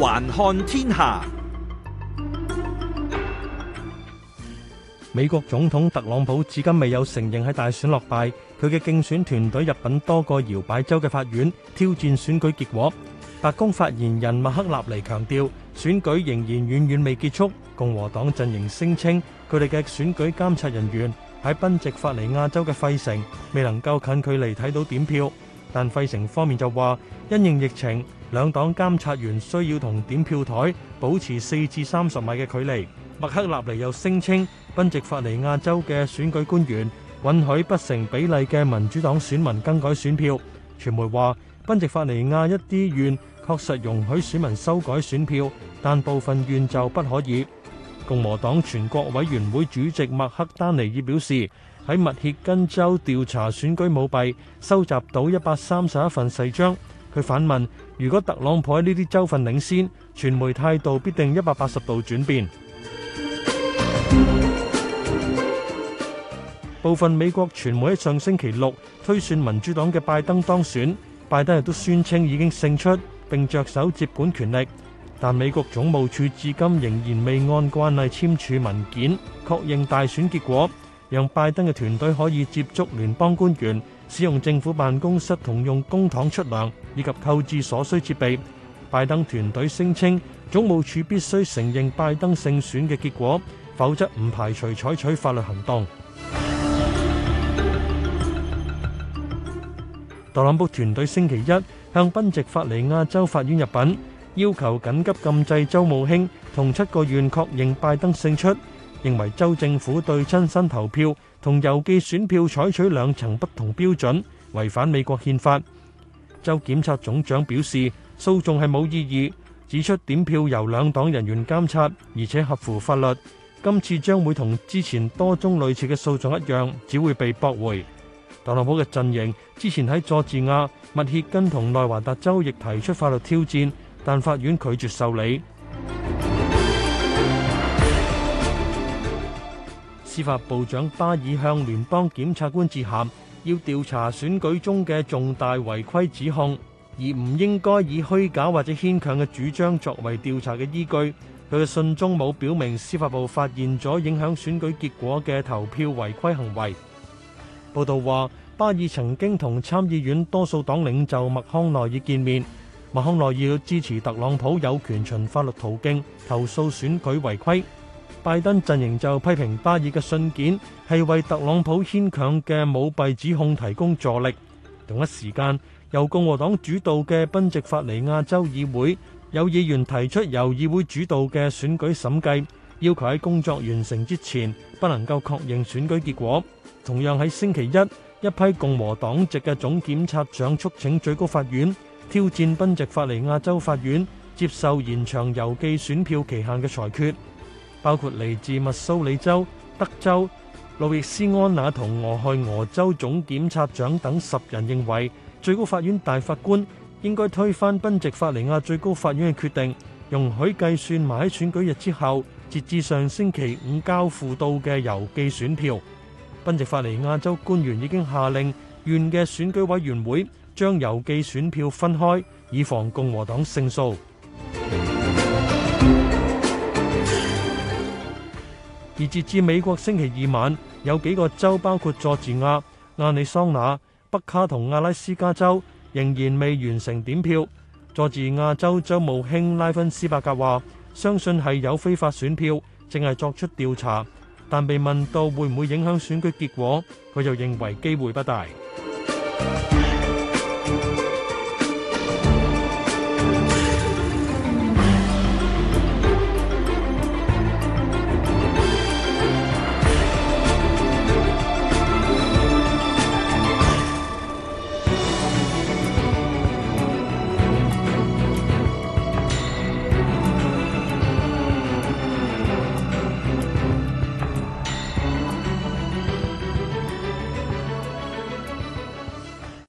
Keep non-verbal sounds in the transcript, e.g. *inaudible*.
環看天下，美國總統特朗普至今未有承認喺大選落敗，佢嘅競選團隊入禀多個搖擺州嘅法院挑戰選舉結果。白宮發言人麥克納尼強調，選舉仍然遠遠未結束。共和黨陣營聲稱佢哋嘅選舉監察人員喺賓夕法尼亞州嘅費城未能夠近距離睇到點票，但費城方面就話。因應疫情，兩黨監察員需要同點票台保持四至三十米嘅距離。麥克納尼又聲稱，賓夕法尼亞州嘅選舉官員允許不成比例嘅民主黨選民更改選票。傳媒話，賓夕法尼亞一啲縣確實容許選民修改選票，但部分縣就不可以。共和黨全國委員會主席麥克丹尼爾表示，喺密歇根州調查選舉舞弊，收集到一百三十一份誓章。佢反問：如果特朗普喺呢啲州份領先，傳媒態度必定一百八十度轉變。部分美國傳媒喺上星期六推算民主黨嘅拜登當選，拜登亦都宣稱已經勝出並着手接管權力，但美國總務署至今仍然未按慣例簽署文件確認大選結果，讓拜登嘅團隊可以接觸聯邦官員，使用政府辦公室同用公帑出糧。以及購置所需設備。拜登團隊聲稱，總務署必須承認拜登勝選嘅結果，否則唔排除採取法律行動。特朗普團隊星期一向賓夕法尼亞州法院入稟，要求緊急禁制州務卿同七個縣確認拜登勝出，認為州政府對親身投票同郵寄選票採取兩層不同標準，違反美國憲法。州檢察總長表示，訴訟係冇意義，指出點票由兩黨人員監察，而且合乎法律。今次將會同之前多宗類似嘅訴訟一樣，只會被駁回。特朗普嘅陣營之前喺佐治亞、密歇根同內華達州亦提出法律挑戰，但法院拒絕受理。 *music* 司法部長巴爾向聯邦檢察官致函。要調查選舉中嘅重大違規指控，而唔應該以虛假或者牽強嘅主張作為調查嘅依據。佢嘅信中冇表明司法部發現咗影響選舉結果嘅投票違規行為。報道話，巴爾曾經同參議院多數黨領袖麥康奈爾見面，麥康奈爾支持特朗普有權循法律途徑投訴選舉違規。拜登陣營就批評巴爾嘅信件係為特朗普牽強嘅舞弊指控提供助力。同一時間，由共和黨主導嘅賓夕法尼亞州議會有議員提出由議會主導嘅選舉審計，要求喺工作完成之前不能夠確認選舉結果。同樣喺星期一，一批共和黨籍嘅總檢察長促請最高法院挑戰賓夕法尼亞州法院接受延長郵寄選票期限嘅裁決。包括嚟自密蘇里州、德州、路易斯安那同俄亥俄州總檢察長等十人認為，最高法院大法官應該推翻賓夕法尼亞最高法院嘅決定，容許計算埋喺選舉日之後，截至上星期五交付到嘅郵寄選票。賓夕法尼亞州官員已經下令縣嘅選舉委員會將郵寄選票分開，以防共和黨勝訴。而截至美國星期二晚，有幾個州包括佐治亞、亞利桑那、北卡同阿拉斯加州仍然未完成點票。佐治亞州州務卿拉芬斯伯格話，相信係有非法選票，正係作出調查，但被問到會唔會影響選舉結果，佢又認為機會不大。